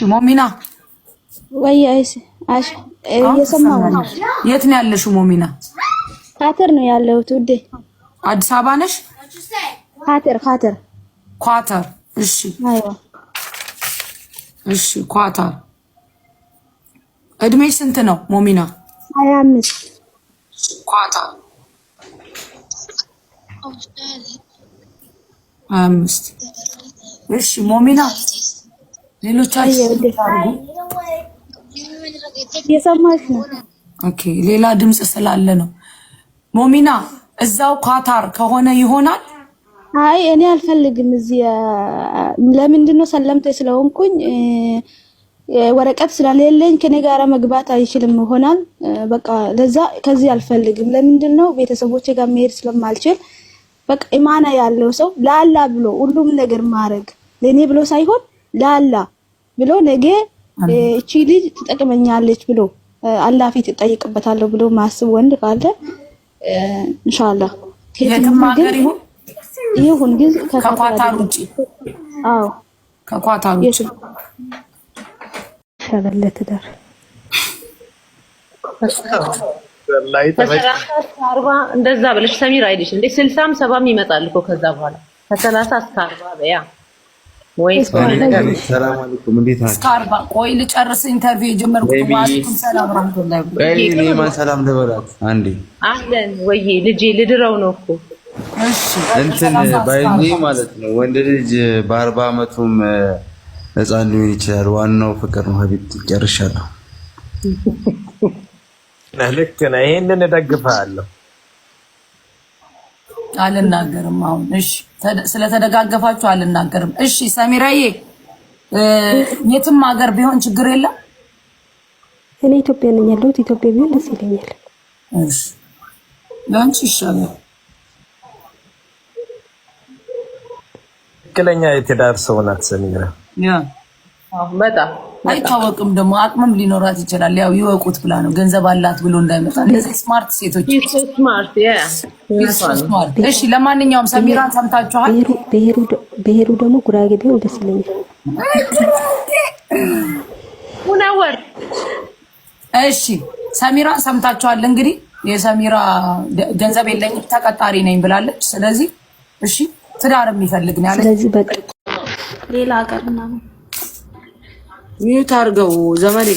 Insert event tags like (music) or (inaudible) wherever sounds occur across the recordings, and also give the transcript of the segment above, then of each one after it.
እሺ ሞሚና ወይ አይስ አሽ እየሰማሁ ነው። የት ነው ያለሽው ሞሚና? ካተር ነው ያለሁት ውዴ። አዲስ አበባ ነሽ? ካተር ካተር ኳተር። እሺ አይዋ እሺ ኳተር። እድሜሽ ስንት ነው ሞሚና? 25 ኳተር አምስት እሺ ሞሚና ሌሎቻችሁ የሰማሽ ነው። ሌላ ድምፅ ስላለ ነው። ሞሚና እዛው ኳታር ከሆነ ይሆናል። አይ እኔ አልፈልግም። እዚህ ለምንድን ነው ሰለምቴ ስለሆንኩኝ ወረቀት ስለሌለኝ ከኔ ጋር መግባት አይችልም ይሆናል። በቃ ለዛ ከዚህ አልፈልግም። ለምንድን ነው ቤተሰቦቼ ጋር መሄድ ስለማልችል በቃ ኢማና ያለው ሰው ላላ ብሎ ሁሉም ነገር ማድረግ ለእኔ ብሎ ሳይሆን ላላ ብሎ ነገ እቺ ልጅ ትጠቅመኛለች ብሎ አላፊ ትጠይቅበታለሁ ብሎ ማስብ ወንድ ካለ እንሻላ ይሁን ግን ከኳታር ውጭ አዎ፣ ከኳታር ውጭ ሸበለ ትዳር አርባ እንደዛ ብለሽ ሰሚር አይልሽ እንዴ? ስልሳም ሰባም ይመጣል እኮ ከዛ በኋላ ከሰላሳ እስከ አርባ በያ ቆይ ልጨርስ። ኢንተርቪው የጀመርኩት ማለትም ሰላም ልበላት አንዴ። አለን ወይ ልጄ ልድረው ነው እኮ እንትን ባይ ማለት ነው። ወንድ ልጅ በአርባ አመቱም ህፃን ሊሆን ይችላል። ዋናው ፍቅር ነው። ሀቢብ ጨርሻለሁ። ልክ ነህ። ይህንን አልናገርም። አሁን እሺ፣ ስለተደጋገፋችሁ አልናገርም። እሺ ሰሚራዬ፣ የትም ሀገር ቢሆን ችግር የለም። እኔ ኢትዮጵያ ነኝ ያለሁት። ኢትዮጵያ ቢሆን ደስ ይለኛል። እሺ፣ ለአንቺ ይሻላል። ትክክለኛ የትዳር ሰው ናት ሰሚራ። ያ በጣም አይታወቅም። ደግሞ አቅምም ሊኖራት ይችላል። ያው ይወቁት ብላ ነው ገንዘብ አላት ብሎ እንዳይመጣ። እነዚህ ስማርት ሴቶች ስማርት። እሺ፣ ለማንኛውም ሰሚራን ሰምታችኋል። ብሄሩ ደግሞ ጉራጌ ቢሆን ደስ ይለኛል። ሙናወር እሺ፣ ሰሚራን ሰምታችኋል። እንግዲህ የሰሚራ ገንዘብ የለኝም ተቀጣሪ ነኝ ብላለች። ስለዚህ እሺ፣ ትዳር የሚፈልግ ነው ስለዚህ በቃ ሌላ ሀገር ምናምን ሚዩት አድርገው ዘመዴ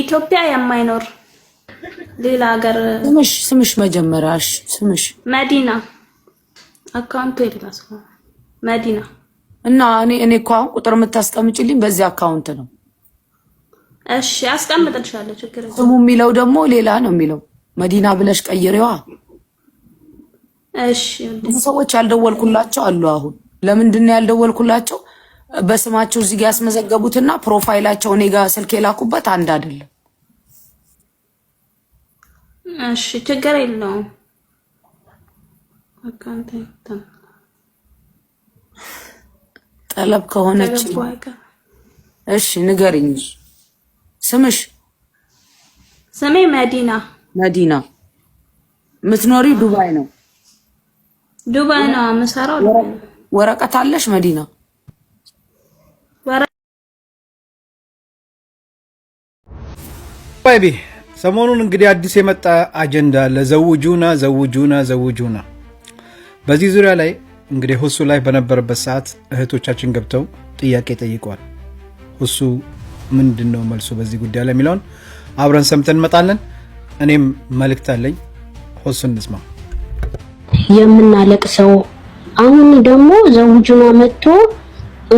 ኢትዮጵያ የማይኖር ሌላ ሀገር ስምሽ ስምሽ መጀመሪያሽ ስምሽ መዲና አካውንቱ የራስ መዲና እና እኔ እኔ እኮ አሁን ቁጥር የምታስቀምጪልኝ በዚህ አካውንት ነው። እሺ አስቀምጥልሻለሁ፣ ችግር የለም። ስሙ የሚለው ደግሞ ሌላ ነው የሚለው መዲና ብለሽ ቀይሬዋ ብዙ ሰዎች ያልደወልኩላቸው አሉ። አሁን ለምንድን ነው ያልደወልኩላቸው? በስማቸው እዚህ ጋር ያስመዘገቡትና ፕሮፋይላቸው እኔ ጋር ስልክ የላኩበት አንድ አይደለም። እሺ ችግር የለውም። ጠለብ ከሆነች እሺ ንገሪኝ። ስምሽ? ስሜ መዲና። መዲና። የምትኖሪ ዱባይ ነው? ዱባይ ነው የምሰራው። ወረቀት አለሽ መዲና? ቤ ሰሞኑን እንግዲህ አዲስ የመጣ አጀንዳ አለ፣ ዘውጁና ዘውጁና ዘውጁና። በዚህ ዙሪያ ላይ እንግዲህ ሁሱ ላይ በነበረበት ሰዓት እህቶቻችን ገብተው ጥያቄ ጠይቀዋል። ሁሱ ምንድን ነው መልሱ በዚህ ጉዳይ ላይ የሚለውን አብረን ሰምተን እንመጣለን። እኔም መልእክት አለኝ። ሁሱ እንስማ። የምናለቅሰው። አሁን ደግሞ ዘውጁና መጥቶ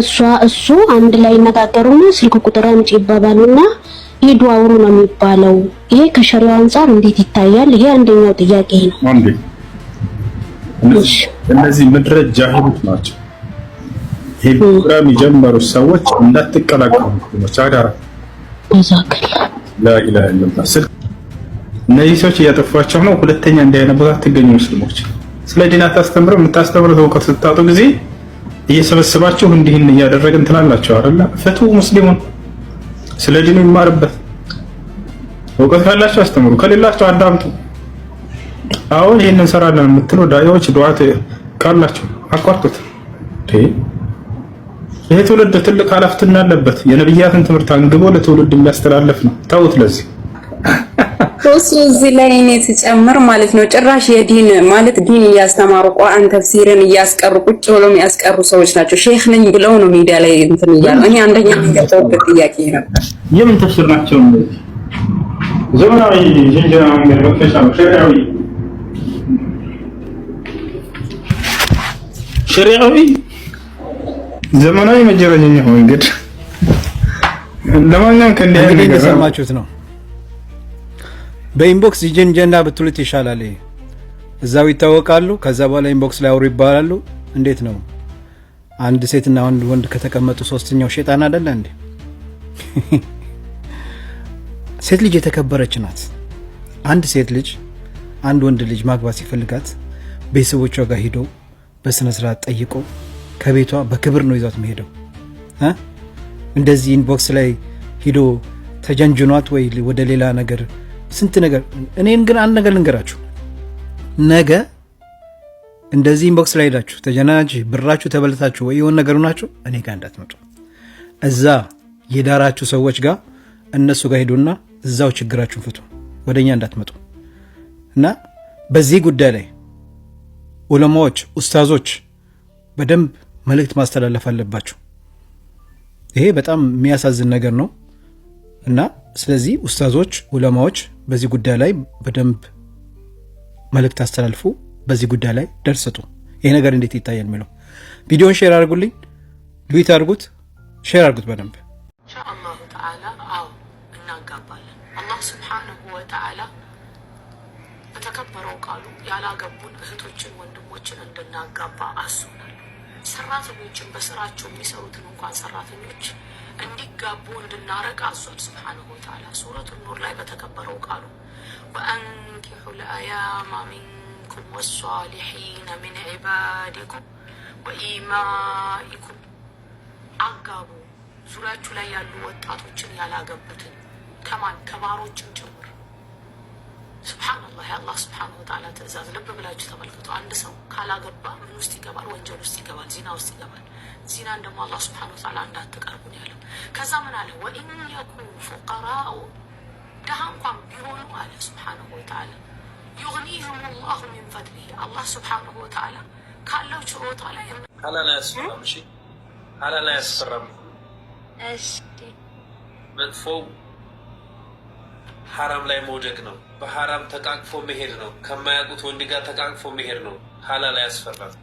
እሷ እሱ አንድ ላይ ይነጋገሩና ስልክ ቁጥር አምጪ ይባባሉና ሂዱ አውሩ ነው የሚባለው። ይሄ ከሸሪው አንጻር እንዴት ይታያል? ይሄ አንደኛው ጥያቄ ነው። እነዚህ ምድረ ጃሂሎች ናቸው። ይሄ ፕሮግራም የጀመሩ ሰዎች እንዳትቀላቀሉ መቻዳራ ይዛከለ ላኢላሃ ኢለላህ። እነዚህ ሰዎች እያጠፏቸው ነው። ሁለተኛ እንዳይነቦታ ትገኙ ሙስሊሞች ስለ ዲን አታስተምረ የምታስተምሩት እውቀት ስታጡ ጊዜ እየሰበሰባችሁ እንዲህን እያደረግን ትላላችሁ አይደለ? ፍቱ ሙስሊሙን ስለ ዲኑ ይማርበት። እውቀት ካላችሁ አስተምሩ፣ ከሌላችሁ አዳምጡ። አሁን ይህን እንሰራለን የምትሉ ዳያዎች ዱዓት ካላችሁ አቋርጡት። ይህ ትውልድ ትልቅ ኃላፊነት አለበት። የነብያትን ትምህርት አንግቦ ለትውልድ የሚያስተላለፍ ነው። ተውት ለዚህ እሱ እዚህ ላይ እኔ ስጨምር ማለት ነው ጭራሽ የዲን ማለት ዲን እያስተማሩ ቁርአን ተፍሲርን እያስቀሩ ቁጭ ብሎ የሚያስቀሩ ሰዎች ናቸው። ሼክ ነኝ ብለው ነው ሚዲያ ላይ እንትን እያሉ እኔ አንደኛ የሚገባውበት ጥያቄ ነበር። የምን ተፍሲር ናቸው? ዘመናዊ ጀንጀና መንገድ ዘመናዊ መጀረኛ መንገድ ለማንኛውም ከእንዲህ ነገር ነው በኢንቦክስ ጀንጀና ብትሉት ይሻላል። እዛው ይታወቃሉ። ከዛ በኋላ ኢንቦክስ ላይ አውሩ ይባላሉ። እንዴት ነው አንድ ሴትና አንድ ወንድ ከተቀመጡ ሶስተኛው ሸጣን አይደለ እንዴ? (laughs) ሴት ልጅ የተከበረች ናት። አንድ ሴት ልጅ አንድ ወንድ ልጅ ማግባት ሲፈልጋት ቤተሰቦቿ ጋር ሂዶ በስነ ስርዓት ጠይቆ ከቤቷ በክብር ነው ይዟት መሄደው። እንደዚህ ኢንቦክስ ላይ ሂዶ ተጀንጅኗት ወይ ወደ ሌላ ነገር ስንት ነገር። እኔን ግን አንድ ነገር ልንገራችሁ፣ ነገ እንደዚህ ኢንቦክስ ላይ ሄዳችሁ ተጀናጅ ብራችሁ ተበልታችሁ ወይ የሆን ነገሩ ናችሁ እኔ ጋር እንዳትመጡ። እዛ የዳራችሁ ሰዎች ጋር እነሱ ጋር ሄዱና እዛው ችግራችሁን ፍቱ፣ ወደ እኛ እንዳትመጡ እና በዚህ ጉዳይ ላይ ዑለማዎች፣ ኡስታዞች በደንብ መልእክት ማስተላለፍ አለባችሁ። ይሄ በጣም የሚያሳዝን ነገር ነው። እና ስለዚህ ኡስታዞች፣ ዑለማዎች በዚህ ጉዳይ ላይ በደንብ መልእክት አስተላልፉ። በዚህ ጉዳይ ላይ ደርስ ስጡ። ይህ ነገር እንዴት ይታያል የሚለው ቪዲዮን ሼር አድርጉልኝ፣ ሉዊት አድርጉት፣ ሼር አድርጉት በደንብ ኢንሻአላሁ ተዓላ። አዎ እናጋባለን። አላህ ስብሓነሁ ወተዓላ በተከበረው ቃሉ ያላገቡን እህቶችን ወንድሞችን እንድናጋባ አሱናል። ሰራተኞችን በስራቸው የሚሰሩትን እንኳን ሰራተኞች እንዲጋቡ እንድናረቅ አዟል። ስብሓነሁ ወተዓላ ሱረቱ ኑር ላይ በተከበረው ቃሉ ወአንኪሑ ልአያማ ሚንኩም ወሷሊሒነ ሚን ዒባዲኩም ወኢማኢኩም አጋቡ ዙሪያችሁ ላይ ያሉ ወጣቶችን ያላገቡትን ከማን ከባሮችን ጭምር ሱብሓነላህ የአላህ ሱብሓነሁ ወተዓላ ትእዛዝ ልብ ብላችሁ ተመልክቶ አንድ ሰው ካላገባ ምን ውስጥ ይገባል? ወንጀል ውስጥ ይገባል፣ ዚና ውስጥ ይገባል። ዚናን ደግሞ አላህ ሱብሓነሁ ወተዓላ እንዳትቀርቡ ነው ያለው። ከዛ ምን አለ? ወኢን የኩኑ ፉቀራኡ ድሃ እንኳን ቢሆኑ አለ ሱብሓነሁ ወተዓላ ዩግኒሁም ላሁ ሚን ፈድሊሂ አላህ ሱብሓነሁ ወተዓላ ካለው ችሮታ ላይ ሀላል አያስፈራም። እሺ ሀላል አያስፈራም። እሺ መጥፎው ሐራም ላይ መውደቅ ነው። በሐራም ተቃቅፎ መሄድ ነው። ከማያውቁት ወንድ ጋር ተቃቅፎ መሄድ ነው። ሐላል አያስፈራም።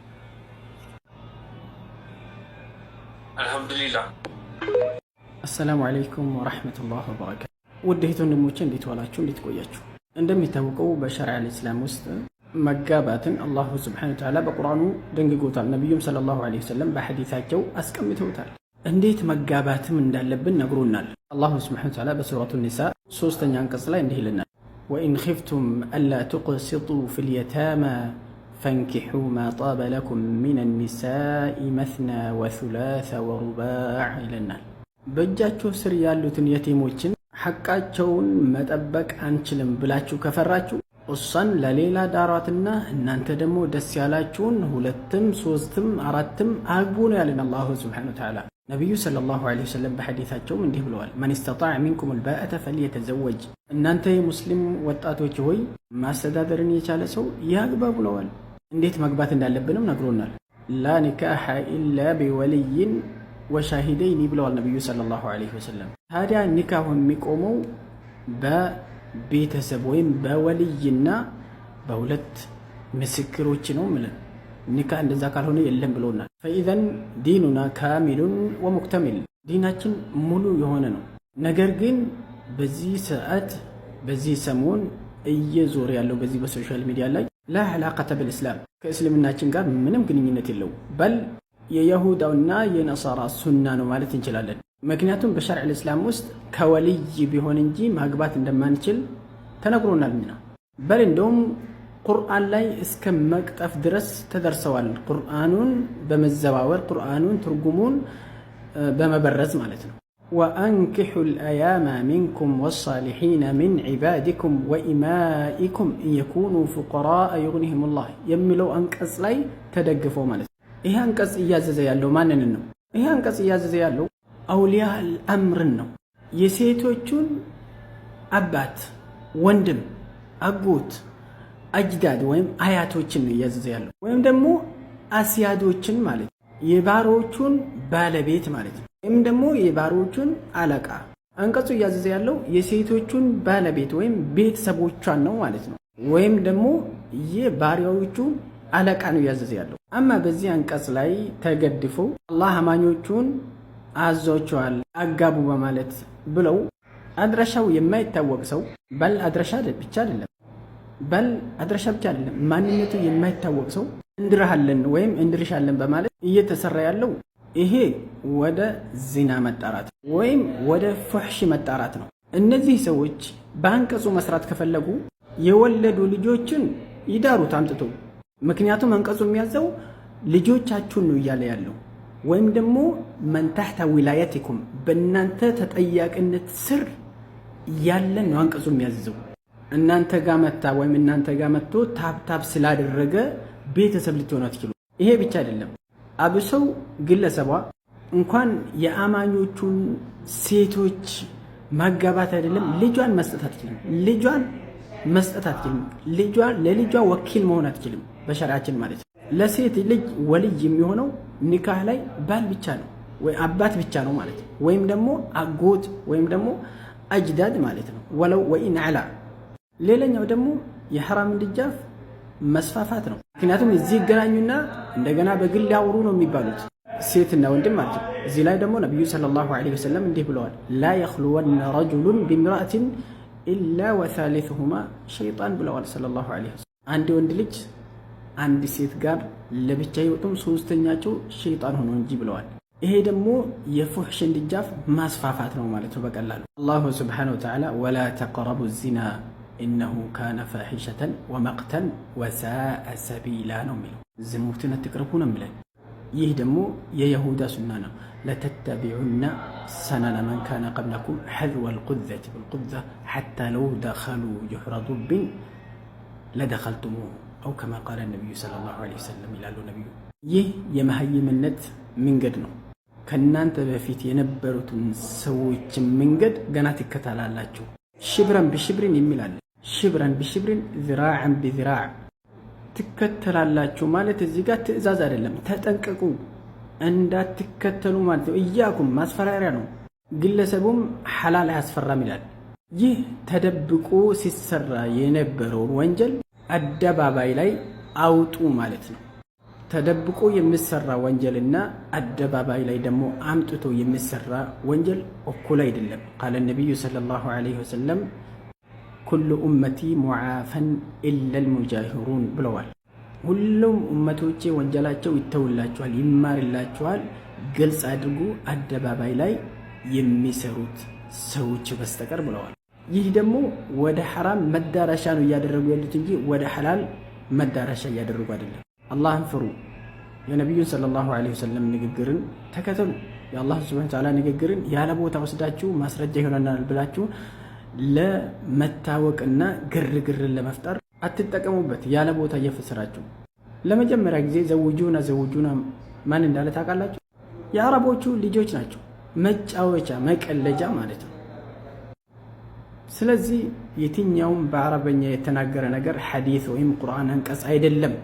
አልሐምዱሊላህ። አሰላሙ አለይኩም ወረሕመቱላህ ወበረካቱ። ውድ እህት ወንድሞቼ እንዴት ዋላችሁ? እንዴት ቆያችሁ? እንደሚታወቀው በሸሪዓ አልእስላም ውስጥ መጋባትን አላሁ ስብሓነሁ ወተዓላ በቁርአኑ ደንግጎታል። ነቢዩም ሰለላሁ አለይሂ ወሰለም በሐዲታቸው አስቀምተውታል። እንዴት መጋባትም እንዳለብን ነግሮናል። አላሁ ስብሐነ ወተዓላ በሱረቱ ኒሳ ሶስተኛ አንቀጽ ላይ እንዲህ ይልናል፣ ወኢን ኺፍቱም አላ ቱቅሲጡ ፊል ፈንኪሑ ማ ጣበ ለኩም ሚነ ኒሳኢ መስና ወሱላሰ ወሩባዕ ይለናል። በእጃችሁ ስር ያሉትን የቲሞችን ሐቃቸውን መጠበቅ አንችልም ብላችሁ ከፈራችሁ እሷን ለሌላ ዳሯትና እናንተ ደግሞ ደስ ያላችሁን ሁለትም ሶስትም አራትም አግቡ ነው ያለን አላሁ ስብሐነ ወተዓላ። ነቢዩ ሰለላሁ ዐለይሂ ወሰለም በሐዲታቸውም እንዲህ ብለዋል፣ መን ስተጣዕ ሚንኩም ልባአተ ፈልየተዘወጅ፣ እናንተ የሙስሊም ወጣቶች ሆይ ማስተዳደርን የቻለ ሰው ያግባ ብለዋል። እንዴት መግባት እንዳለብንም ነግሮናል። ላ ኒካሐ ኢላ ቢወልይን ወሻሂደይኒ ብለዋል ነቢዩ ሰለላሁ ዐለይሂ ወሰለም። ታዲያ ኒካሁ የሚቆመው በቤተሰብ ወይም በወልይና በሁለት ምስክሮች ነው ምለን ኒካ እንደዛ ካልሆነ የለም ብሎናል። ፈኢዘን ዲኑና ካሚሉን ወሙክተሚል ዲናችን ሙሉ የሆነ ነው። ነገር ግን በዚህ ሰዓት በዚህ ሰሞን እየዞር ያለው በዚህ በሶሻል ሚዲያ ላይ ላ ዕላቀተ ብልእስላም ከእስልምናችን ጋር ምንም ግንኙነት የለው በል የየሁዳውና የነሳራ ሱና ነው ማለት እንችላለን። ምክንያቱም በሸርዕ ልእስላም ውስጥ ከወልይ ቢሆን እንጂ ማግባት እንደማንችል ተነግሮናልና በል እንደውም ቁርአን ላይ እስከ መቅጠፍ ድረስ ተደርሰዋል። ቁርአኑን በመዘባወር ቁርአኑን ትርጉሙን በመበረዝ ማለት ነው። ወአንኪሑ ልአያማ ሚንኩም ወሳሊሒነ ሚን ዒባዲኩም ወኢማኢኩም እየኩኑ ፉቀራአ ዩግኒህም ላህ የሚለው አንቀጽ ላይ ተደግፎ ማለት ነው። ይህ አንቀጽ እያዘዘ ያለው ማንንን ነው? ይህ አንቀጽ እያዘዘ ያለው አውሊያ አምርን ነው። የሴቶቹን አባት፣ ወንድም፣ አጎት አጅዳድ ወይም አያቶችን እያዘዘ ያለው ወይም ደግሞ አስያዶችን ማለት ነው። የባሮቹን ባለቤት ማለት ነው። ወይም ደግሞ የባሮቹን አለቃ። አንቀጹ እያዘዘ ያለው የሴቶቹን ባለቤት ወይም ቤተሰቦቿን ነው ማለት ነው። ወይም ደግሞ የባሪያዎቹ አለቃ ነው እያዘዘ ያለው። አማ በዚህ አንቀጽ ላይ ተገድፎ አላህ አማኞቹን አዟቸዋል አጋቡ በማለት ብለው አድራሻው የማይታወቅ ሰው በል አድራሻ ብቻ አይደለም ባል አድራሻ ብቻ አይደለም፣ ማንነቱ የማይታወቅ ሰው እንድርሃለን ወይም እንድርሻለን በማለት እየተሰራ ያለው ይሄ ወደ ዜና መጣራት ወይም ወደ ፉሕሽ መጣራት ነው። እነዚህ ሰዎች በአንቀጹ መስራት ከፈለጉ የወለዱ ልጆችን ይዳሩት አምጥቶ። ምክንያቱም አንቀጹ የሚያዘው ልጆቻችሁን ነው እያለ ያለው ወይም ደግሞ መንታህታ ዊላየቲኩም በእናንተ ተጠያቂነት ስር ያለን ነው አንቀጹ የሚያዘው። እናንተ ጋር መታ ወይም እናንተ ጋር መጥቶ ታፕታፕ ስላደረገ ቤተሰብ ልትሆኑ አትችሉ። ይሄ ብቻ አይደለም፣ አብሰው ግለሰቧ እንኳን የአማኞቹን ሴቶች ማጋባት አይደለም ልጇን መስጠት አትችልም። ልጇን መስጠት አትችልም። ልጇ ለልጇ ወኪል መሆን አትችልም፣ በሸሪዓችን ማለት ነው። ለሴት ልጅ ወልይ የሚሆነው ኒካህ ላይ ባል ብቻ ነው ወይ አባት ብቻ ነው ማለት ነው። ወይም ደግሞ አጎት ወይም ደግሞ አጅዳድ ማለት ነው ወለው ወኢን አላ ሌላኛው ደግሞ የሐራም ደጃፍ መስፋፋት ነው። ምክንያቱም እዚህ ይገናኙና እንደገና በግል ያውሩ ነው የሚባሉት ሴትና ወንድም ማለት ነው። እዚህ ላይ ደግሞ ነቢዩ ሰለላሁ ዐለይሂ ወሰለም እንዲህ ብለዋል፣ ላ የኽልወነ ረጁሉን ቢምራእትን ኢላ ወሳሊሱሁማ ሸይጣን ብለዋል ሰለላሁ ዐለይሂ ወሰለም። አንድ ወንድ ልጅ አንድ ሴት ጋር ለብቻ ይወጡም ሶስተኛቸው ሸይጣን ሆኖ እንጂ ብለዋል። ይሄ ደግሞ የፉሕሽን ድጃፍ ማስፋፋት ነው ማለት ነው በቀላሉ አላሁ ስብሓነሁ ወተዓላ ወላ ተቀረቡ ዚና إنه كان فاحشة ومقتا وساء سبيلا نمله زموتنا تقربون ملا يهدموا يا يهودا سنانا لتتبعن سنن من كان قبلكم حذو القذة بالقذة حتى لو دخلوا جحر ضب لدخلتموه أو كما قال النبي صلى الله عليه وسلم إلى النبي يه يمهي من نت من قدنا كنا أنت بفيت ينبرت سويت من قد قناتك تعالى شبرا بشبر يميل ሽብረን ብሽብርን ዝራዕን ብዝራዕ ትከተላላችሁ ማለት እዚህ ጋር ትዕዛዝ አይደለም፣ ተጠንቀቁ እንዳትከተሉ ማለት ነው። እያኩም ማስፈራሪያ ነው። ግለሰቡም ሐላል አያስፈራም ይላል። ይህ ተደብቆ ሲሰራ የነበረውን ወንጀል አደባባይ ላይ አውጡ ማለት ነው። ተደብቆ የሚሰራ ወንጀልና አደባባይ ላይ ደግሞ አምጥቶ የሚሰራ ወንጀል እኩል አይደለም። ቃለ ነቢዩ ሰለላሁ ዐለይሂ ወሰለም ኩሉ ኡመቲ ሙዓፈን ኢለል ሙጃሂሩን ብለዋል። ሁሉም ኡመቶቼ ወንጀላቸው ይተውላቸዋል ይማርላቸዋል ግልጽ አድርጉ አደባባይ ላይ የሚሰሩት ሰዎች በስተቀር ብለዋል። ይህ ደግሞ ወደ ሐራም መዳረሻ ነው እያደረጉ ያሉት እንጂ ወደ ሐላል መዳረሻ እያደረጉ አይደለም። አላህን ፍሩ፣ የነቢዩን ሰለላሁ ዐለይሂ ወሰለም ንግግርን ተከተሉ። የአላህ ሱብሓነሁ ወተዓላ ንግግርን ያለ ቦታ ወስዳችሁ ማስረጃ ይሆነናል ብላችሁ ለመታወቅና ግርግርን ለመፍጠር አትጠቀሙበት። ያለ ቦታ እየፈሰራችሁ ለመጀመሪያ ጊዜ ዘውጁና ዘውጁና ማን እንዳለ ታውቃላችሁ? የአረቦቹ ልጆች ናቸው። መጫወቻ መቀለጃ ማለት ነው። ስለዚህ የትኛውም በአረበኛ የተናገረ ነገር ሐዲስ ወይም ቁርአን አንቀጽ አይደለም።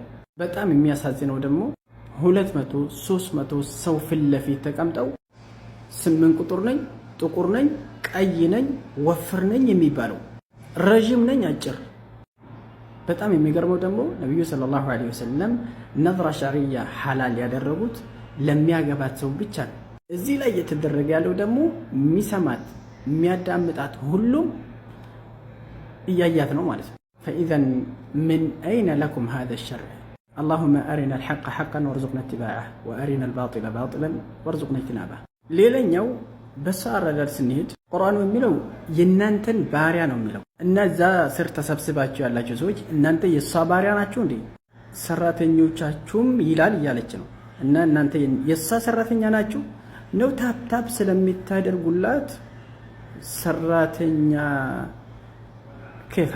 በጣም የሚያሳዝነው ደግሞ ሁለት መቶ ሶስት መቶ ሰው ፊት ለፊት ተቀምጠው ስምንት ቁጥር ነኝ ጥቁር ነኝ ቀይ ነኝ፣ ወፍር ነኝ የሚባለው ረዥም ነኝ፣ አጭር። በጣም የሚገርመው ደግሞ ነቢዩ ሰለላሁ ዐለይሂ ወሰለም ነዝራ ሸርያ ሐላል ያደረጉት ለሚያገባት ሰው ብቻ ነው። እዚህ ላይ እየተደረገ ያለው ደግሞ የሚሰማት የሚያዳምጣት ሁሉም እያያት ነው ማለት ነው። ፈኢዘን ምን አይነ ለኩም ሃዛ ሸርዕ አላሁመ አሪና አልሐቀ ሐቀን ወርዙቅና ትባዓ ወአሪና አልባጢለ ባጢለን ወርዙቅና ትናባ ሌላኛው በሱ አረጋድ ስንሄድ ቁርአኑ የሚለው የእናንተን ባሪያ ነው የሚለው እና እዛ ስር ተሰብስባችሁ ያላቸው ሰዎች እናንተ የእሷ ባሪያ ናችሁ እንዴ? ሰራተኞቻችሁም ይላል እያለች ነው። እና እናንተ የእሷ ሰራተኛ ናችሁ ነው ታፕታፕ ስለሚታደርጉላት ሰራተኛ ከፋ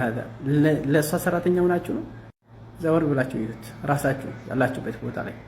ለእሷ ሰራተኛው ናችሁ ነው። ዘወር ብላችሁ ይዩት ራሳችሁ ያላችሁበት ቦታ ላይ